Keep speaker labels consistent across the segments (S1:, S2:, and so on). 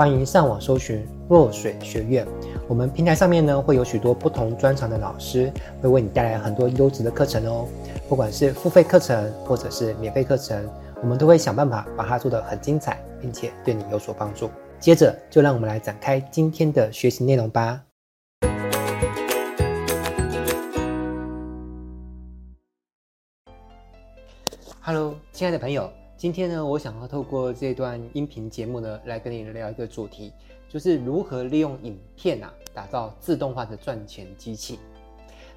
S1: 歡迎上網搜尋若水學院。我們平台上面呢會有許多不同專長的老師，會為你帶來很多優質的課程哦。不管是付費課程或者是免費課程，我們都會想辦法把它做得很精彩，並且對你有所幫助。接着就讓我們來展開今天的學習內容吧。Hello，親愛的朋友。今天呢，我想要透過這段音頻節目呢，來跟你聊一個主題，就是如何利用影片啊，打造自動化的賺錢機器。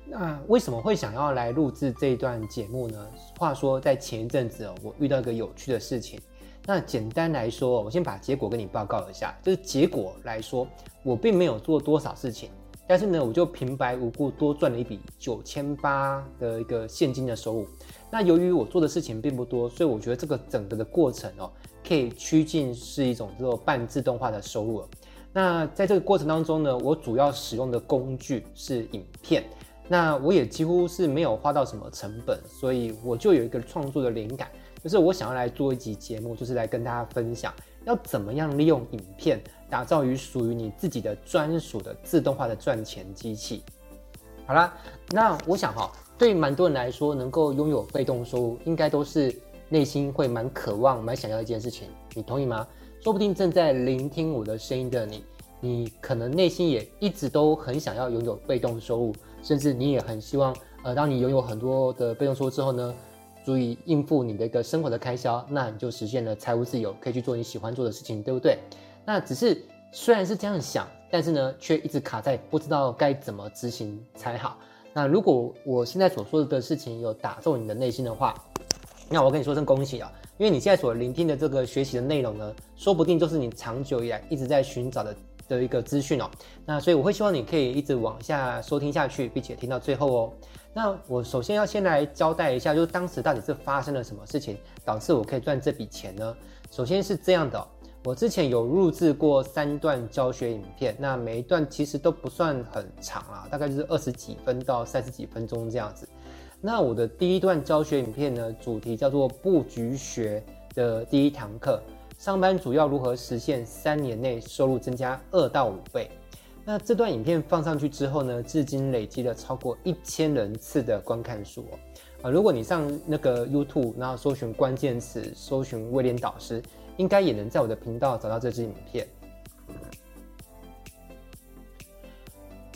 S1: 那為什麼會想要來錄制這一段節目呢？話說在前一陣子哦，我遇到一個有趣的事情。那簡單來說，我先把結果跟你報告一下。就是結果來說，我並沒有做多少事情。但是呢，我就平白無故多賺了一筆九千八的一個現金的收入。那由於我做的事情並不多，所以我覺得這個整個的過程哦、喔，可以趨近是一種這種半自動化的收入了。那在這個過程當中呢，我主要使用的工具是影片。那我也幾乎是沒有花到什麼成本，所以我就有一個創作的靈感，就是我想要來做一集節目，就是來跟大家分享要怎麼樣利用影片。打造於屬於你自己的專屬的自動化的賺錢機器。好啦，那我想哈，對蠻多人來說，能夠擁有被動收入，應該都是內心會蠻渴望、蠻想要的一件事情。你同意嗎？說不定正在聆聽我的聲音的你，你可能內心也一直都很想要擁有被動收入，甚至你也很希望，呃，當你擁有很多的被動收入之後呢，足以應付你的一個生活的開銷，那你就實現了財務自由，可以去做你喜歡做的事情，對不對？那只是。雖然是這樣想，但是呢，卻一直卡在不知道該怎麼執行才好。那如果我現在所說的事情有打中你的內心的話，那我跟你說聲恭喜啊，哦，因為你現在所聆聽的這個學習的內容呢，說不定就是你長久以來一直在尋找的的一個資訊哦。那所以我會希望你可以一直往下收聽下去，並且聽到最後哦。那我首先要先來交代一下，就是當時到底是發生了什麼事情，導致我可以賺這筆錢呢？首先是這樣的哦。我之前有錄製過三段教學影片，那每一段其實都不算很長啊，大概就是二十幾分到三十幾分鐘這樣子。那我的第一段教學影片呢，主題叫做《佈局學》的第一堂課，上班族要如何實現三年內收入增加二到五倍？那這段影片放上去之後呢，至今累積了超過一千人次的觀看數哦、喔。啊，如果你上那個 YouTube，然後搜尋關鍵詞，搜尋威廉導師。應該也能在我的頻道找到這支影片。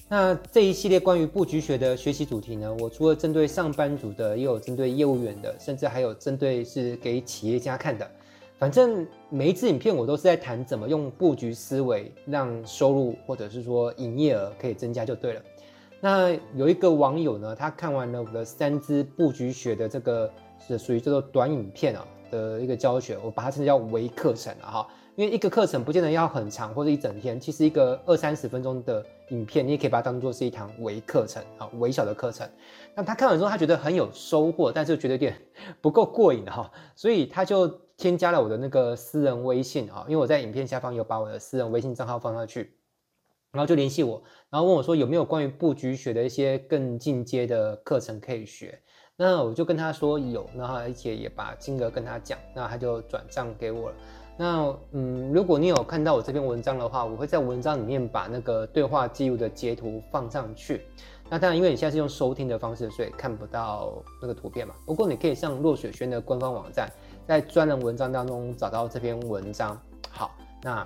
S1: 那這一系列關於布局學的學習主題呢，我除了針對上班族的，也有針對業務員的，甚至還有針對是給企業家看的。反正每一支影片我都是在談怎麼用布局思維，讓收入或者是說營業額可以增加就對了。那有一個網友呢，他看完了我的三支布局學的這個是屬於叫做短影片啊、喔。的一個教學，我把它稱叫微課程了、啊、哈，因為一個課程不見得要很長或者一整天，其實一個二三十分鐘的影片，你也可以把它當做是一堂微課程啊，微小的課程。那他看完之後，他覺得很有收穫，但是覺得有點不夠過癮哈、啊，所以他就添加了我的那個私人微信啊，因為我在影片下方有把我的私人微信賬號放上去，然後就聯繫我，然後問我說有沒有關於布局學的一些更進階的課程可以學。那我就跟他說有，然後而且也把金額跟他講，那他就轉賬給我了。那嗯，如果你有看到我這篇文章的話，我會在文章裡面把那個對話記錄的截圖放上去。那當然，因為你現在是用收聽的方式，所以看不到那個圖片嘛。不過你可以上洛雪軒的官方網站，在專欄文章當中找到這篇文章。好，那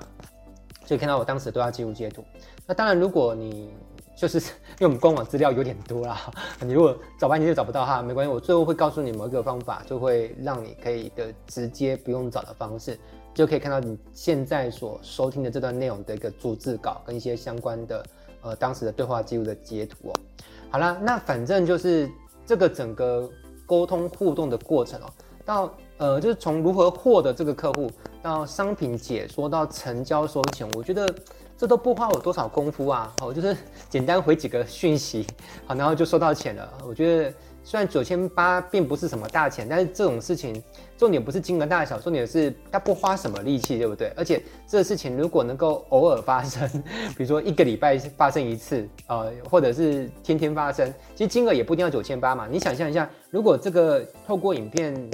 S1: 所以看到我當時對話記錄截圖。那當然，如果你就是因為我們官網資料有點多啦，你如果找半天就找不到哈，沒關係，我最後會告訴你某一個方法，就會讓你可以的直接不用找的方式，就可以看到你現在所收聽的這段內容的一個逐字稿跟一些相關的呃當時的對話記錄的截圖哦。好啦，那反正就是這個整個溝通互動的過程哦，到呃就是從如何獲得這個客戶到商品解說到成交收錢，我覺得。這都不花我多少功夫啊！我就是簡單回幾個訊息，好，然後就收到錢了。我覺得雖然九千八並不是什麼大錢，但是這種事情重點不是金額大小，重點是它不花什麼力氣，對不對？而且這個事情如果能夠偶爾發生，比如說一個禮拜發生一次，呃，或者是天天發生，其實金額也不一定要九千八嘛。你想象一下，如果這個透過影片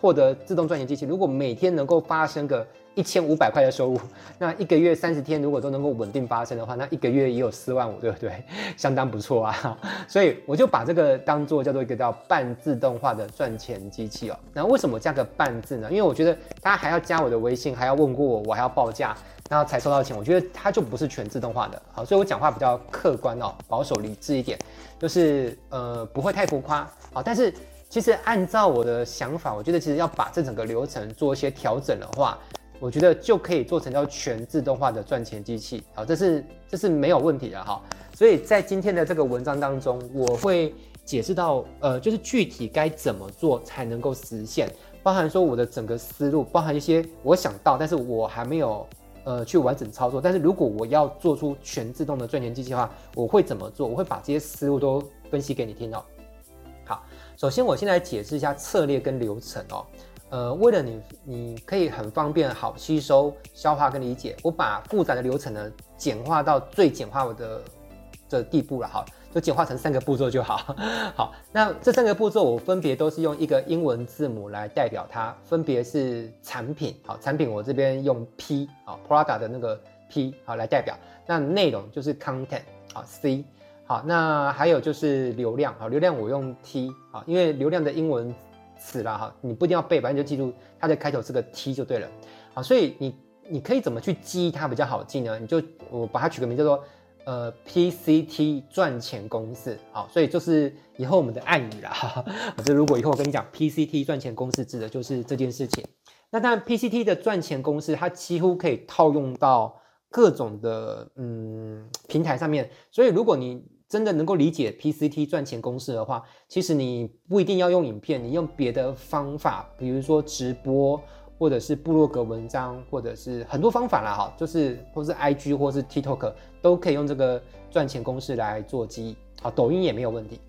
S1: 獲得自動賺錢機器，如果每天能夠發生個一千五百塊的收入，那一個月三十天如果都能夠穩定發生的話，那一個月也有四萬五，對不對？ 相當不錯啊！ 所以我就把這個當做叫做一個叫半自動化的賺錢機器哦、喔。那為什麼加個半字呢？因為我覺得大家還要加我的微信，還要問過我，我還要報價，然後才收到錢。我覺得它就不是全自動化的，好，所以我講話比較客觀哦、喔，保守理智一點，就是呃不會太浮誇，好，但是。其實按照我的想法，我覺得其實要把這整個流程做一些調整的話，我覺得就可以做成叫全自動化的賺錢機器。好，這是這是沒有問題的哈。所以在今天的這個文章當中，我會解釋到，呃，就是具體該怎麼做才能夠實現，包含說我的整個思路，包含一些我想到，但是我還沒有，呃，去完整操作。但是如果我要做出全自動的賺錢機器的話，我會怎麼做？我會把這些思路都分析給你聽哦。好，首先我先來解釋一下策略跟流程哦。呃，為了你你可以很方便好吸收、消化跟理解，我把複雜的流程呢簡化到最簡化我的這地步了哈，就簡化成三個步驟就好。好，那這三個步驟我分別都是用一個英文字母來代表它，分別是產品好，產品我這邊用 P 啊，Prada 的那個 P 啊來代表。那內容就是 Content 啊，C。好，那還有就是流量啊，流量我用 T 啊，因為流量的英文詞啦，哈，你不一定要背，反正就記住它的開頭是個 T 就對了。好，所以你你可以怎麼去記憶它比較好記呢？你就我把它取個名字叫做呃 PCT 賺錢公式。好，所以就是以後我們的暗語啦，哈。這如果以後我跟你講 PCT 賺錢公式指的就是這件事情。那當然 PCT 的賺錢公式它幾乎可以套用到各種的嗯平台上面，所以如果你真的能夠理解 P C T 賺錢公式的話，其實你不一定要用影片，你用別的方法，比如說直播，或者是部落格文章，或者是很多方法啦，哈，就是或是 I G 或是 TikTok，都可以用這個賺錢公式來做基，好，抖音也沒有問題。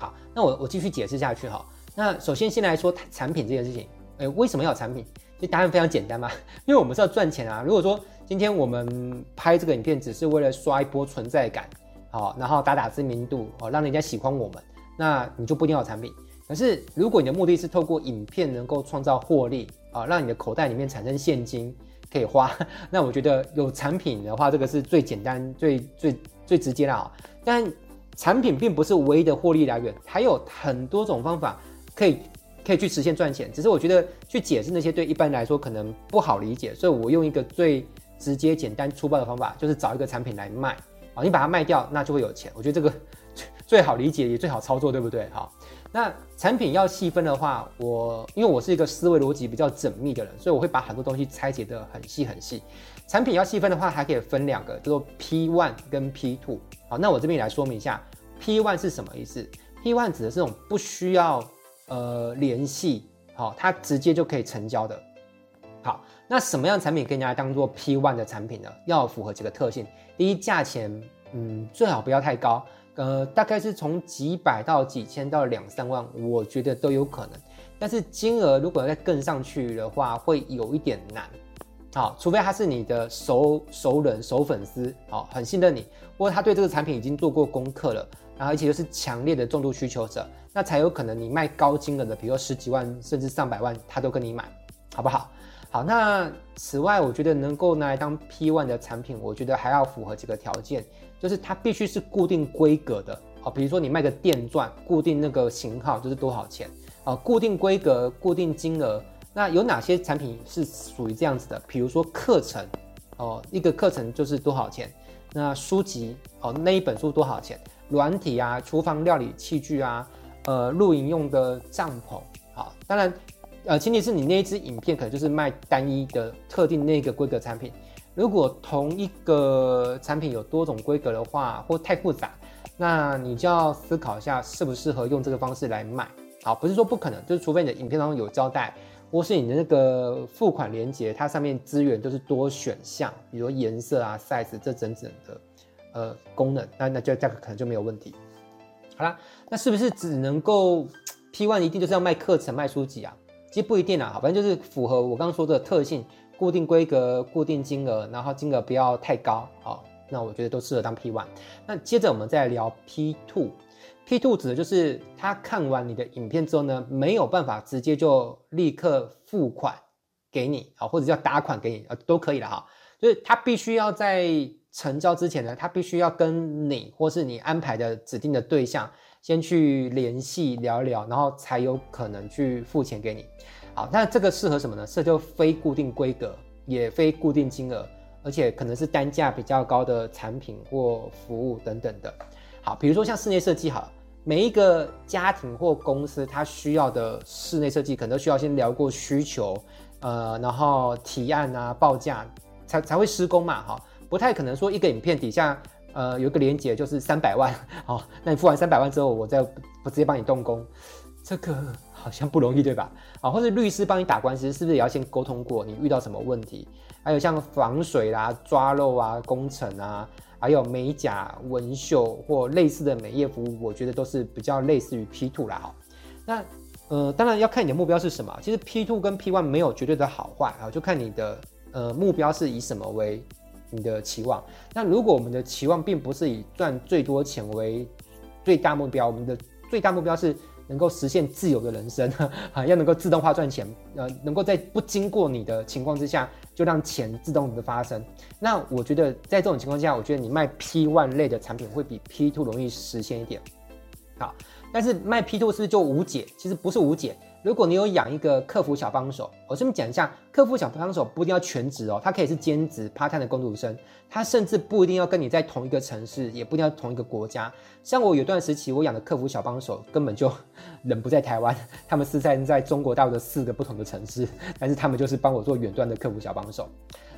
S1: 好，那我我繼續解釋下去哈。那首先先來說產品這件事情，哎、欸，為什麼要有產品？這答案非常簡單嘛，因為我們是要賺錢啊。如果說今天我們拍這個影片只是為了刷一波存在感。哦，然後打打知名度，哦，讓人家喜歡我們，那你就不一定要有產品。可是如果你的目的是透過影片能夠創造獲利，啊，讓你的口袋裡面產生現金可以花，那我覺得有產品的話，這個是最簡單、最最最直接的啊。但產品並不是唯一的獲利來源，還有很多種方法可以可以去實現賺錢。只是我覺得去解釋那些對一般來說可能不好理解，所以我用一個最直接、簡單、粗暴的方法，就是找一個產品來賣。好，你把它賣掉，那就會有錢。我覺得這個最好理解也最好操作，對不對？哈，那產品要細分的話，我因為我是一個思維邏輯比較縝密的人，所以我會把很多東西拆解得很細很細。產品要細分的話，還可以分兩個，叫做 P one 跟 P two。好，那我這邊也來說明一下，P one 是什麼意思？P one 指的這種不需要呃聯繫，好，它直接就可以成交的。那什麼樣的產品可以拿來當做 P one 的產品呢？要符合幾個特性：第一，價錢，嗯，最好不要太高，呃，大概是從幾百到幾千到兩三萬，我覺得都有可能。但是金額如果再更上去的話，會有一點難。好、哦，除非他是你的熟熟人、熟粉絲，好、哦，很信任你，或者他對這個產品已經做過功課了，然後而且又是強烈的重度需求者，那才有可能你賣高金額的，比如說十幾萬甚至上百萬，他都跟你買，好不好？好，那此外，我覺得能夠拿來當 P1 的產品，我覺得還要符合幾個條件，就是它必須是固定規格的哦，比如說你賣個電鑽，固定那個型號就是多少錢啊，哦，固定規格、固定金額。那有哪些產品是屬於這樣子的？比如說課程哦，一個課程就是多少錢？那書籍哦，那一本書多少錢？軟體啊，廚房料理器具啊，呃，露營用的帳篷，好，哦，當然。呃，前提是你那一支影片可能就是賣單一的特定那個規格產品。如果同一個產品有多種規格的話，或太複雜，那你就要思考一下適不適合用這個方式來賣。好，不是說不可能，就是除非你的影片當中有交代，或是你的那個付款鏈接它上面資源都是多選項，比如顏色啊、size 這整整的呃功能，那那就價格可能就沒有問題。好啦，那是不是只能夠 P one 一定就是要賣課程、賣書籍啊？其實不一定啦，反正就是符合我剛剛說的特性，固定規格、固定金額，然後金額不要太高，好，那我覺得都適合當 P one。那接着我們再來聊 P two，P two 指的就是他看完你的影片之後呢，沒有辦法直接就立刻付款給你啊，或者叫打款給你啊，都可以啦。哈。就是他必須要在成交之前呢，他必須要跟你或是你安排的指定的對象。先去聯繫聊一聊，然後才有可能去付錢給你。好，那這個適合什麼呢？這就非固定規格，也非固定金額，而且可能是單價比較高的產品或服務等等的。好，比如說像室內設計哈，每一個家庭或公司它需要的室內設計，可能都需要先聊過需求，呃，然後提案啊、報價，才才會施工嘛哈，不太可能說一個影片底下。呃，有一個連結就是三百萬，好，那你付完三百萬之後，我再不直接幫你動工，這個好像不容易對吧？啊，或者律師幫你打官司，是不是也要先溝通過你遇到什麼問題？還有像防水啦、啊、抓漏啊、工程啊，還有美甲、紋繡或類似的美業服務，我覺得都是比較類似於 P two 啦。好，那呃，當然要看你的目標是什麼。其實 P two 跟 P one 沒有絕對的好壞啊，就看你的呃目標是以什麼為，你的期望，那如果我們的期望並不是以賺最多錢為最大目標，我們的最大目標是能夠實現自由的人生，哈，要能夠自動化賺錢，呃，能夠在不經過你的情況之下，就讓錢自動的發生。那我覺得在這種情況之下，我覺得你賣 P one 類的產品會比 P two 容易實現一點，好，但是賣 P two 是不是就無解？其實不是無解。如果你有養一個客服小幫手，我順便講一下，客服小幫手不一定要全職哦，他可以是兼職 part-time 的工讀生，他甚至不一定要跟你在同一個城市，也不一定要同一個國家。像我有段時期，我養的客服小幫手根本就人不在台灣，他們是散在中國大陸的四個不同的城市，但是他們就是幫我做遠端的客服小幫手。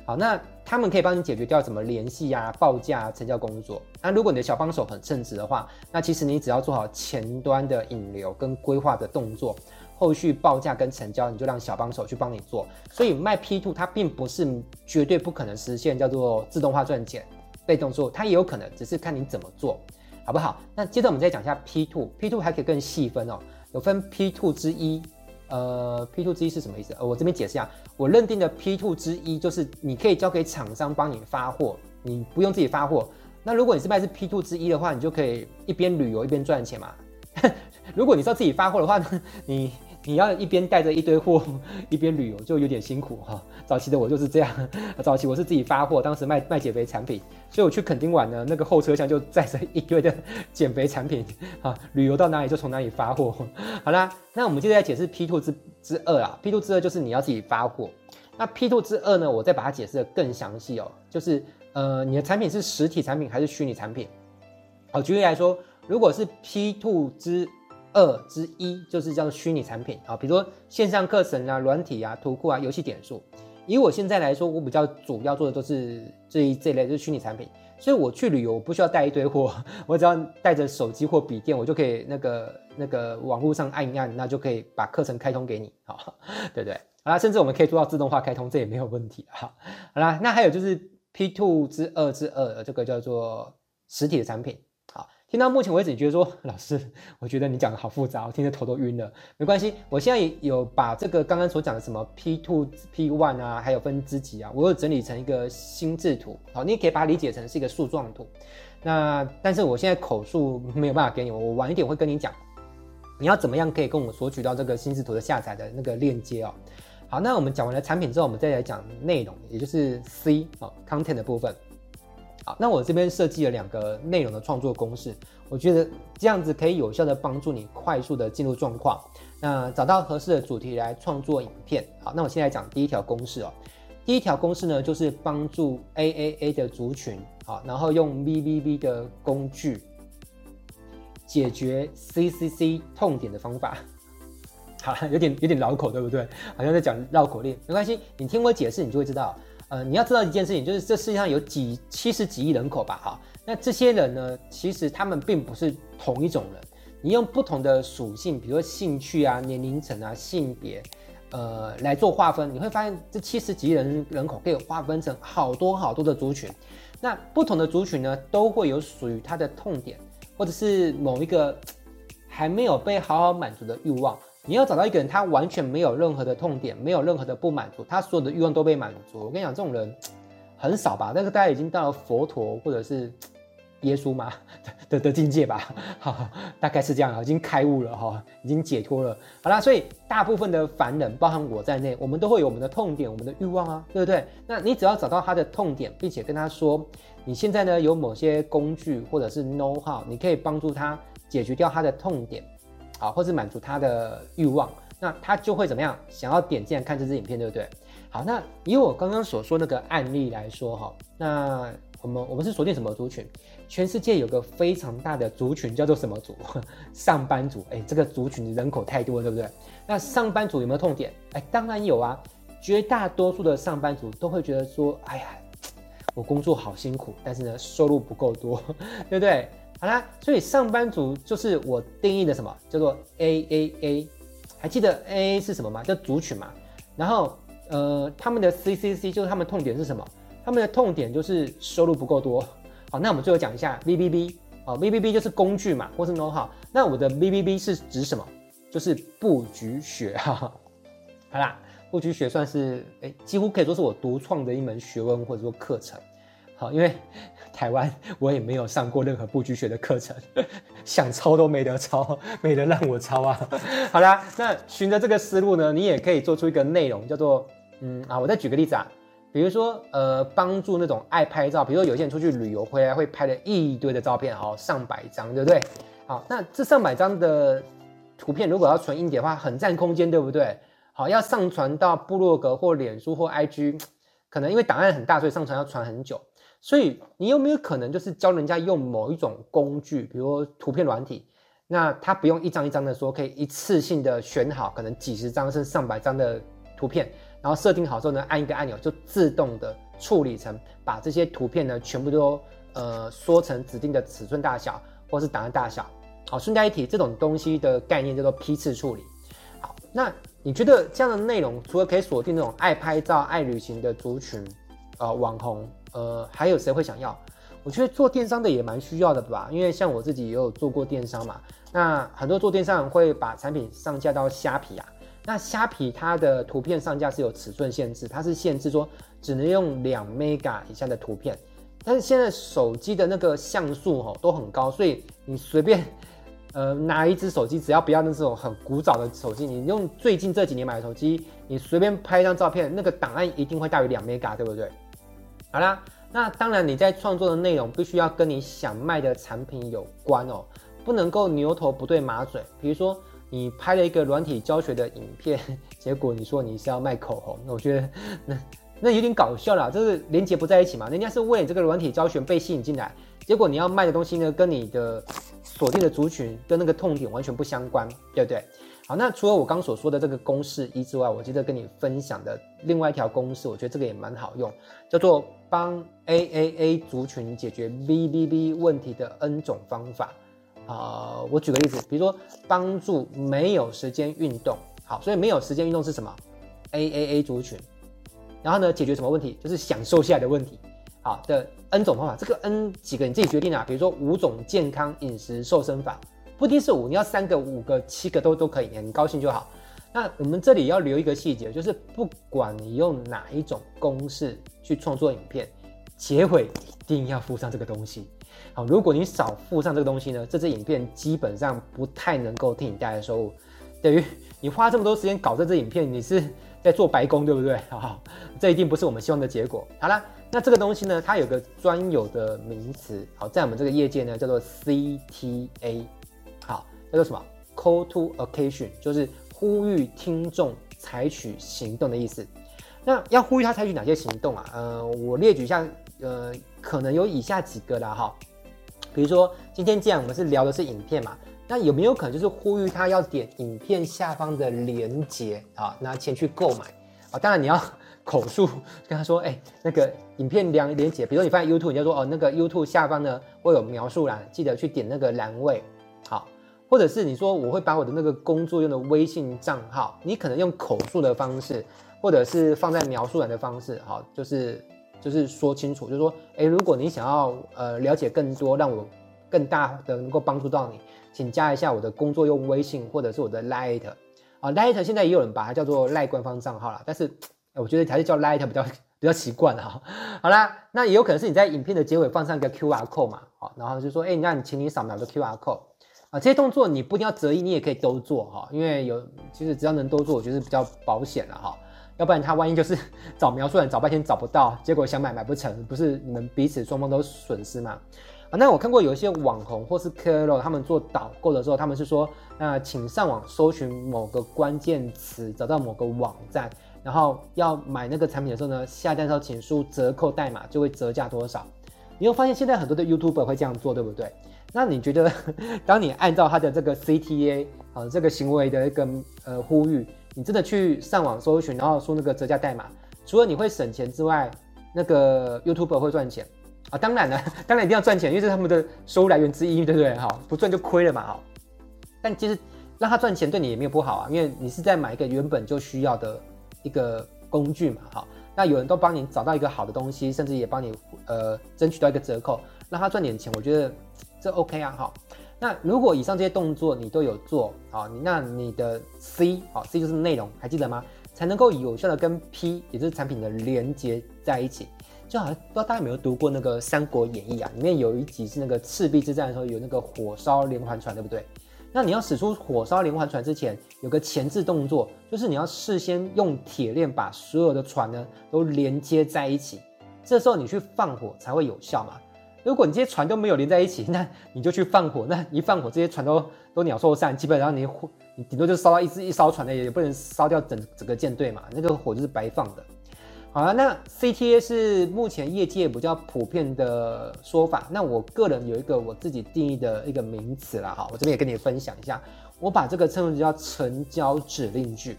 S1: 好，那他們可以幫你解決掉什麼聯繫啊、報價啊、成交工作。那如果你的小幫手很稱職的話，那其實你只要做好前端的引流跟規劃的動作。後續報價跟成交，你就讓小幫手去幫你做。所以賣 P two 它並不是絕對不可能實現叫做自動化賺錢、被動做，它也有可能，只是看你怎麼做，好不好？那接着我們再講一下 P two，P two 還可以更細分哦，有分 P two 之一，呃，P two 之一是什麼意思？呃，我這邊解釋一下，我認定的 P two 之一就是你可以交給廠商幫你發貨，你不用自己發貨。那如果你是賣是 P two 之一的話，你就可以一邊旅遊一邊賺錢嘛。如果你要自己發貨的話，你。你要一邊帶着一堆貨一邊旅遊，就有點辛苦哈。早期的我就是這樣，早期我是自己發貨，當時賣賣減肥產品，所以我去墾丁玩呢，那個後車廂就載着一堆的減肥產品啊，旅遊到哪裡就從哪裡發貨。好啦，那我們接着來解釋 P two 之之二啦，P two 之二就是你要自己發貨。那 P two 之二呢，我再把它解釋的更詳細哦，就是呃，你的產品是實體產品還是虛擬產品？好，舉例來說，如果是 P two 之二之一就是叫做虛擬產品啊、哦，比如說線上課程啊、軟體啊、圖庫啊、遊戲點數。以我現在來說，我比較主要做的都是這一這類就是虛擬產品，所以我去旅遊，我不需要帶一堆貨，我只要帶着手機或筆電，我就可以那個那個網絡上按一按，那就可以把課程開通給你，好、哦，對不對，對？好啦，甚至我們可以做到自動化開通，這也沒有問題，好，好啦，那還有就是 P2 之二之二，這個叫做實體的產品，好。聽到目前為止，你覺得說，老師，我覺得你講的好複雜，我聽得頭都暈了。沒關係，我現在有把這個剛剛所講的什麼 P two P one 啊，還有分支級啊，我有整理成一個心智圖。好，哦，你也可以把它理解成是一個樹狀圖。那但是我現在口述沒有辦法給你，我晚一點會跟你講，你要怎麼樣可以跟我們索取到這個心智圖的下載的那個鏈接哦。好，那我們講完了產品之後，我們再來講內容，也就是 C 哦 content 的部分。好，那我這邊設計了兩個內容的創作公式，我覺得這樣子可以有效的幫助你快速的進入狀況，那找到合適的主題來創作影片。好，那我現在講第一條公式哦，第一條公式呢就是幫助 AAA 的族群，好，然後用 VVV 的工具解決 CCC 痛點的方法。好，有點有點繞口，對不對？好像在講繞口令，沒關係，你聽我解釋，你就會知道。呃，你要知道一件事情，就是這世界上有幾，七十幾億人口吧，哈、哦，那這些人呢，其實他們並不是同一種人。你用不同的屬性，比如說興趣啊、年齡層啊、性別，呃，來做劃分，你會發現這七十幾億人人口可以劃分成好多好多的族群。那不同的族群呢，都會有屬於他的痛點，或者是某一個還沒有被好好滿足的欲望。你要找到一個人，他完全沒有任何的痛點，沒有任何的不滿足，他所有的欲望都被滿足。我跟你講，這種人很少吧？但是大家已經到了佛陀或者是耶穌嘛的的境界吧？哈哈，大概是這樣，已經開悟了哈，已經解脫了。好啦，所以大部分的凡人，包含我在內，我們都會有我們的痛點，我們的欲望啊，對不對？那你只要找到他的痛點，並且跟他說，你現在呢有某些工具或者是 know how，你可以幫助他解決掉他的痛點。好，或是滿足他的欲望，那他就會怎麼樣？想要點進來看這支影片，對不對？好，那以我剛剛所說那個案例來說，哈，那我們我們是鎖定什麼族群？全世界有個非常大的族群叫做什麼族？上班族，哎、欸，這個族群人口太多，對不對？那上班族有沒有痛點？哎、欸，當然有啊，絕大多數的上班族都會覺得說，哎呀，我工作好辛苦，但是呢，收入不夠多，對不對？好啦，所以上班族就是我定義的什麼叫做 A A A，還記得 A A 是什麼嗎？叫族群嘛。然後呃，他們的 C C C 就是他們痛點是什麼？他們的痛點就是收入不夠多。好，那我們最後講一下 V B B 哦 V B B 就是工具嘛，或是 know-how。那我的 V B B 是指什麼？就是布局學哈哈。好啦，布局學算是哎，幾乎可以說是我獨創的一門學問或者說課程。好，因為台灣我也沒有上過任何布局學的課程，想抄都沒得抄，沒得讓我抄啊。好啦，那循着這個思路呢，你也可以做出一個內容，叫做嗯啊，我再舉個例子啊，比如說呃，幫助那種愛拍照，比如說有些人出去旅遊回來會拍了一堆的照片，好，上百張，對不對？好，那這上百張的圖片如果要存硬碟的話，很占空間，對不對？好，要上傳到部落格或臉書或 IG，可能因為檔案很大，所以上傳要傳很久。所以你有沒有可能就是教人家用某一種工具，比如說圖片軟體，那他不用一張一張的說，可以一次性的選好可能幾十張甚至上百張的圖片，然後設定好之後呢，按一個按鈕就自動的處理成把這些圖片呢全部都呃縮成指定的尺寸大小或是檔案大小。好，順帶一提，這種東西的概念叫做批次處理。好，那你覺得這樣的內容除了可以鎖定那種愛拍照、愛旅行的族群，呃，網紅？呃，還有誰會想要？我覺得做電商的也蠻需要的吧，因為像我自己也有做過電商嘛。那很多做電商人會把產品上架到蝦皮啊，那蝦皮它的圖片上架是有尺寸限制，它是限制說只能用兩 mega 以下的圖片。但是現在手機的那個像素吼都很高，所以你隨便呃拿一支手機，只要不要那種很古早的手機，你用最近這幾年買的手機，你隨便拍一張照片，那個檔案一定會大於兩 mega，對不對？好啦，那當然，你在創作的內容必須要跟你想賣的產品有關哦，不能夠牛頭不對馬嘴。比如說，你拍了一個軟體教學的影片，結果你說你是要賣口紅，那我覺得那那有點搞笑啦，就是連結不在一起嘛。人家是為你這個軟體教學被吸引進來，結果你要賣的東西呢，跟你的鎖定的族群跟那個痛點完全不相關，對不對？好，那除了我剛所說的這個公式一之外，我記得跟你分享的另外一條公式，我覺得這個也蠻好用，叫做幫 AAA 族群解決 BBB 問題的 N 種方法。啊、呃，我舉個例子，比如說幫助沒有時間運動，好，所以沒有時間運動是什麼？AAA 族群，然後呢，解決什麼問題？就是想瘦下來的問題，好的 N 種方法，這個 N 幾個你自己決定啊，比如說五種健康飲食瘦身法。不一定是五，你要三個、五個、七個都都可以，你很高興就好。那我們這裡要留一個細節，就是不管你用哪一種公式去創作影片，結尾一定要附上這個東西。好，如果你少附上這個東西呢，這支影片基本上不太能夠替你帶來收入，等於你花這麼多時間搞這支影片，你是在做白工，對不對？好，這一定不是我們希望的結果。好啦，那這個東西呢，它有個專有的名詞，好，在我們這個業界呢，叫做 CTA。叫做什麼？Call to o c c a s i o n 就是呼籲聽眾採取行動的意思。那要呼籲他採取哪些行動啊？呃，我列舉一下，呃，可能有以下幾個啦哈。比如說，今天既然我們是聊的是影片嘛，那有沒有可能就是呼籲他要點影片下方的鏈接啊，拿錢去購買啊？當然你要口述跟他說，哎、欸，那個影片兩連接，比如說你放 YouTube，你就說哦，那個 YouTube 下方呢會有描述欄，記得去點那個欄位。或者是你說我會把我的那個工作用的微信賬號，你可能用口述的方式，或者是放在描述欄的方式，好，就是就是說清楚，就是說，誒，如果你想要呃了解更多，讓我更大的能夠幫助到你，請加一下我的工作用微信或者是我的 LINE 啊，LINE 現在也有人把它叫做 LINE 官方賬號啦，但是我覺得還是叫 LINE 比較比較習慣哈。好啦，那也有可能是你在影片的結尾放上一個 QR code 嘛，好，然後就是說，誒，那你請你掃描個 QR code。啊，這些動作你不一定要擇一，你也可以都做哈，因為有，其實只要能都做，我覺得是比較保險了哈。要不然他萬一就是找描述人找半天找不到，結果想買買不成，不是你們彼此雙方都損失嗎？啊，那我看過有一些網紅或是 KOL 他們做導購的時候，他們是說，那、呃、請上網搜尋某個關鍵詞，找到某個網站，然後要買那個產品的時候呢，下單的時候請輸折扣代碼，就會折價多少。你會發現現在很多的 YouTuber 會這樣做，對不對？那你覺得，當你按照他的這個 CTA 好、啊、這個行為的一個呃呼籲，你真的去上網搜尋，然後說那個折價代碼，除了你會省錢之外，那個 YouTuber 會賺錢啊？當然了，當然一定要賺錢，因為這是他們的收入來源之一，對不對？哈，不賺就虧了嘛，哈。但其實讓他賺錢對你也沒有不好啊，因為你是在買一個原本就需要的一個工具嘛，哈。那有人都幫你找到一個好的東西，甚至也幫你呃爭取到一個折扣，讓他賺點錢，我覺得。這 OK 啊，好，那如果以上這些動作你都有做啊，你那你的 C 啊，C 就是內容，還記得嗎？才能夠有效的跟 P 也就是產品的連接在一起。就好像不知道大家有沒有讀過那個《三國演義》啊，裡面有一集是那個赤壁之戰的時候有那個火燒連環船，對不對？那你要使出火燒連環船之前，有個前置動作，就是你要事先用鐵鏈把所有的船呢都連接在一起，這時候你去放火才會有效嘛。如果你這些船都沒有連在一起，那你就去放火，那一放火，這些船都都鳥獸散，基本上你你頂多就燒到一艘一艘船的，也不能燒掉整整個艦隊嘛，那個火就是白放的。好了，啊，那 CTA 是目前業界比較普遍的說法，那我個人有一個我自己定義的一個名詞了，哈，我這邊也跟你分享一下，我把這個稱為叫成交指令句。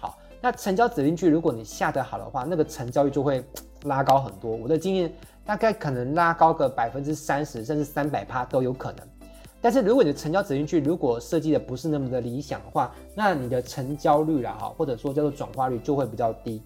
S1: 好，那成交指令句，如果你下得好的話，那個成交率就會拉高很多。我的經驗。大概可能拉高個百分之三十，甚至三百趴都有可能。但是如果你的成交指令句如果設計的不是那麼的理想的話，那你的成交率啦哈，或者說叫做轉化率就會比較低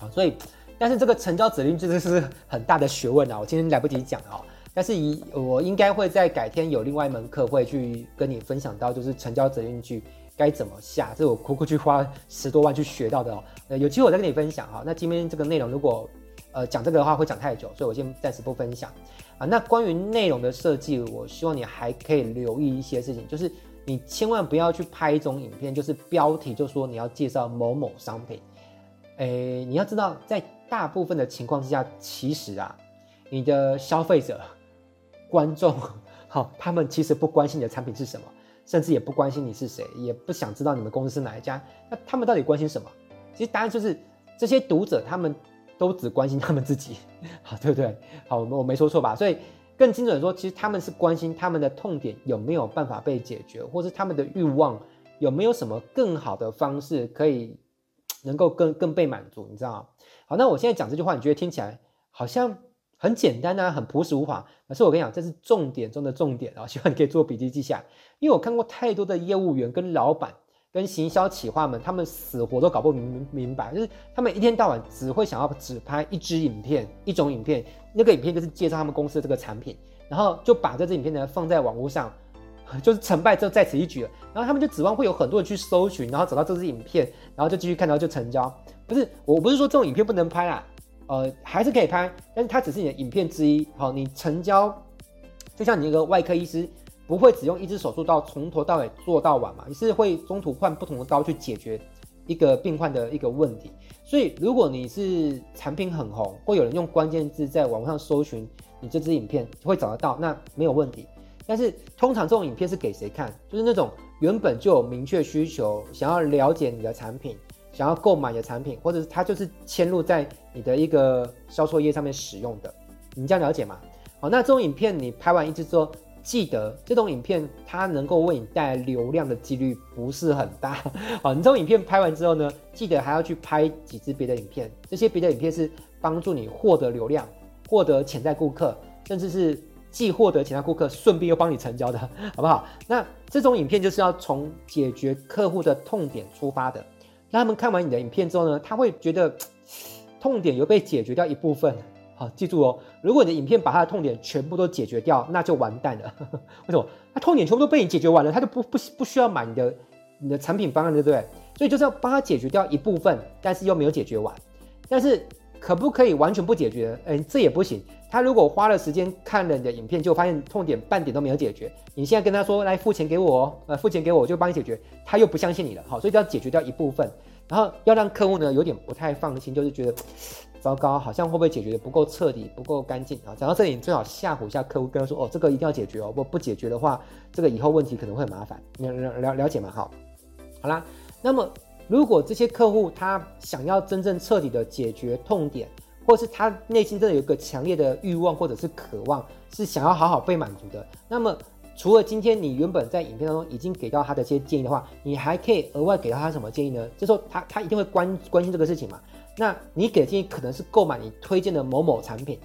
S1: 啊。所以，但是這個成交指令句這是很大的學問啊。我今天來不及講啊。但是以我應該會在改天有另外一門課會去跟你分享到，就是成交指令句該怎麼下，這是我苦苦去花十多萬去學到的，啊。呃，有機會我再跟你分享哈，啊。那今天這個內容如果。呃，講這個的話會講太久，所以我先暫時不分享啊。那關於內容的設計，我希望你還可以留意一些事情，就是你千萬不要去拍一種影片，就是標題就說你要介紹某某商品。誒、欸，你要知道，在大部分的情況之下，其實啊，你的消費者觀眾，好，他們其實不關心你的產品是什麼，甚至也不關心你是誰，也不想知道你們公司是哪一家。那他們到底關心什麼？其實答案就是這些讀者他們。都只關心他們自己，好對不對？好，我我沒說錯吧？所以更精準說，其實他們是關心他們的痛點有沒有辦法被解決，或是他們的欲望有沒有什麼更好的方式可以能夠更更被滿足，你知道嗎？好，那我現在講這句話，你覺得聽起來好像很簡單啊，很樸實無華。可是我跟你講，這是重點中的重點啊。希望你可以做筆記記下，因為我看過太多的業務員跟老闆。跟行銷企劃們，他們死活都搞不明明白，就是他們一天到晚只會想要只拍一支影片，一種影片，那個影片就是介紹他們公司的這個產品，然後就把這支影片呢放在網絡上，就是成敗就在此一舉了。然後他們就指望會有很多人去搜尋，然後找到這支影片，然後就繼續看到，然後就成交。不是，我不是說這種影片不能拍啦，呃，還是可以拍，但是它只是你的影片之一。好，你成交就像你一個外科醫師。不會只用一支手術刀從頭到尾做到完嘛？你是會中途換不同的刀去解決一個病患的一個問題。所以如果你是產品很紅，會有人用關鍵字在網上搜尋，你這支影片會找得到，那沒有問題。但是通常這種影片是給誰看？就是那種原本就有明確需求，想要了解你的產品，想要購買你的產品，或者是它就是嵌入在你的一個銷售頁上面使用的。你們這樣了解嗎？好，那這種影片你拍完一支之後，記得這種影片，它能夠為你帶來流量的幾率不是很大。 好，你這種影片拍完之後呢，記得還要去拍幾支別的影片。這些別的影片是幫助你獲得流量、獲得潛在顧客，甚至是既獲得潛在顧客，順便又幫你成交的，好不好？那這種影片就是要從解決客戶的痛點出發的。那他們看完你的影片之後呢，他會覺得痛點有被解決掉一部分。好，記住哦，如果你的影片把他的痛點全部都解決掉，那就完蛋了。呵呵，為什麼？他痛點全部都被你解決完了，他就不不不需要買你的你的產品方案，對不對？所以就是要幫他解決掉一部分，但是又沒有解決完。但是可不可以完全不解決？哎，這也不行。他如果花了時間看了你的影片，就發現痛點半點都沒有解決，你現在跟他說來付錢給我，呃，付錢給我，我就幫你解決，他又不相信你了。好，所以就要解決掉一部分。然後要讓客戶呢有點不太放心，就是覺得糟糕，好像會不會解決得不夠徹底、不夠乾淨啊？然後講到這裡，你最好嚇唬一下客戶，跟他說哦，這個一定要解決哦，不不解決的話，這個以後問題可能會很麻煩。了了了了解蠻好，好啦。那麼如果這些客戶他想要真正徹底的解決痛點，或者是他內心真的有一個強烈的慾望或者是渴望，是想要好好被滿足的，那麼。除了今天你原本在影片當中已經給到他的一些建議的話，你還可以額外給到他什麼建議呢？就說他他一定會關關心這個事情嘛。那你給的建議可能是購買你推薦的某某產品，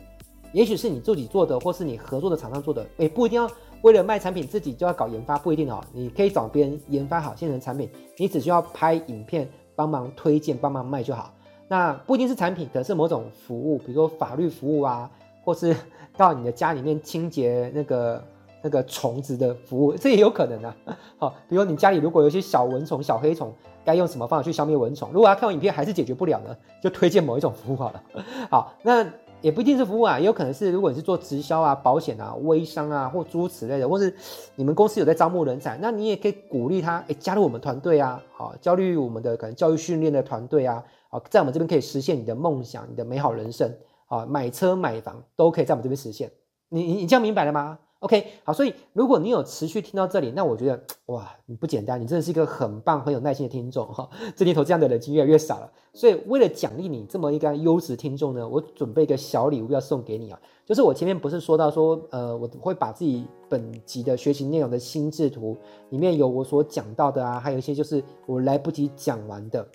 S1: 也許是你自己做的，或是你合作的廠商做的，也不一定要為了賣產品自己就要搞研發，不一定哦。你可以找別人研發好現成產品，你只需要拍影片幫忙推薦、幫忙賣就好。那不一定是產品，可能是某種服務，比如說法律服務啊，或是到你的家裡面清潔那個那個蟲子的服務，這也有可能啊。好，比如你家裡如果有一些小蚊蟲、小黑蟲，該用什麼方法去消滅蚊蟲？如果他看完影片還是解決不了呢，就推薦某一種服務好了。好，那也不一定是服務啊，也有可能是如果你是做直銷啊、保險啊、微商啊或諸如此類的，或是你們公司有在招募人才，那你也可以鼓勵他，誒、欸、加入我們團隊啊。好，加入我們的可能教育訓練的團隊啊。好，在我們這邊可以實現你的夢想、你的美好人生。好，買車買房都可以在我們這邊實現。你你你這樣明白了嗎？OK，好，所以如果你有持續聽到這裡，那我覺得哇，你不簡單，你真的是一個很棒，很有耐心的聽眾哈。這年頭這樣的人就越來越少了，所以為了獎勵你這麼一個優質聽眾呢，我準備一個小禮物要送給你啊，就是我前面不是說到說，呃，我會把自己本集的學習內容的心智圖裡面有我所講到的啊，還有一些就是我來不及講完的，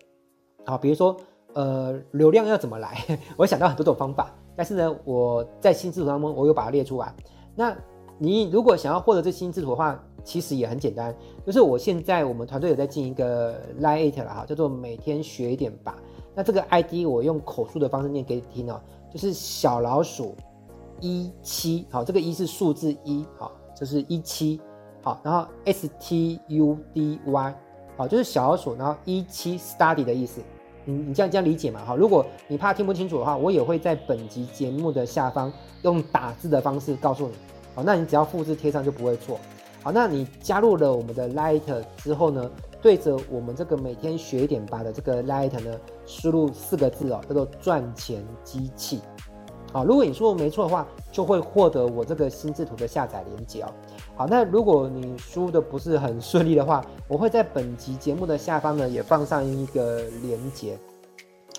S1: 好，比如說呃，流量要怎麼來， 我想到很多種方法，但是呢，我在心智圖當中我有把它列出來，那。你如果想要獲得這新字圖的話，其實也很簡單，就是我現在我們團隊也在進一個 LINE@ 了哈，叫做每天學一點吧。那這個 I D 我用口述的方式念給你聽哦，就是小老鼠一七，好，這個一、e、是數字一，好，就是一七，好，然後 study 好，就是小老鼠，然後一、e、七 study 的意思，你、嗯、你這樣這樣理解嘛？好，如果你怕聽不清楚的話，我也會在本集節目的下方用打字的方式告訴你。好、哦，那你只要複製貼上就不會錯。好，那你加入了我們的 LINE 之後呢，對着我們這個每天學一點吧的這個 LINE 呢，輸入四個字哦，叫做賺錢機器。好，如果你輸入沒錯的話，就會獲得我這個心智圖的下載鏈接哦。好，那如果你輸的不是很順利的話，我會在本集節目的下方呢，也放上一個鏈接，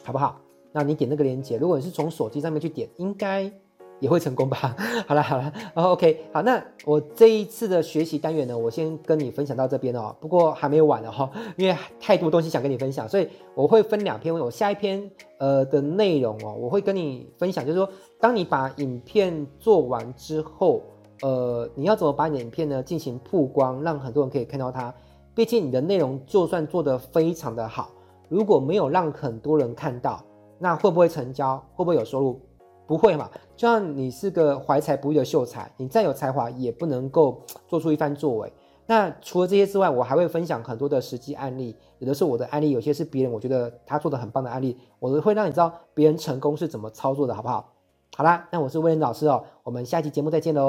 S1: 好不好？那你點那個鏈接，如果你是從手機上面去點，應該。也會成功吧。好啦好啦，OK，好，那我這一次的學習單元呢，我先跟你分享到這邊哦。不過還沒有完呢哦，因為太多東西想跟你分享，所以我會分兩篇。我下一篇呃的內容哦，我會跟你分享，就是說，當你把影片做完之後，呃，你要怎麼把你的影片呢進行曝光，讓很多人可以看到它？畢竟你的內容就算做得非常的好，如果沒有讓很多人看到，那會不會成交？會不會有收入？不會嘛？就像你是個懷才不遇的秀才，你再有才華也不能夠做出一番作為。那除了這些之外，我還會分享很多的實際案例，有的是我的案例，有些是別人我覺得他做的很棒的案例，我都會讓你知道別人成功是怎麼操作的，好不好？好啦，那我是威廉老師哦，我們下期節目再見嘍，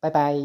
S1: 拜拜。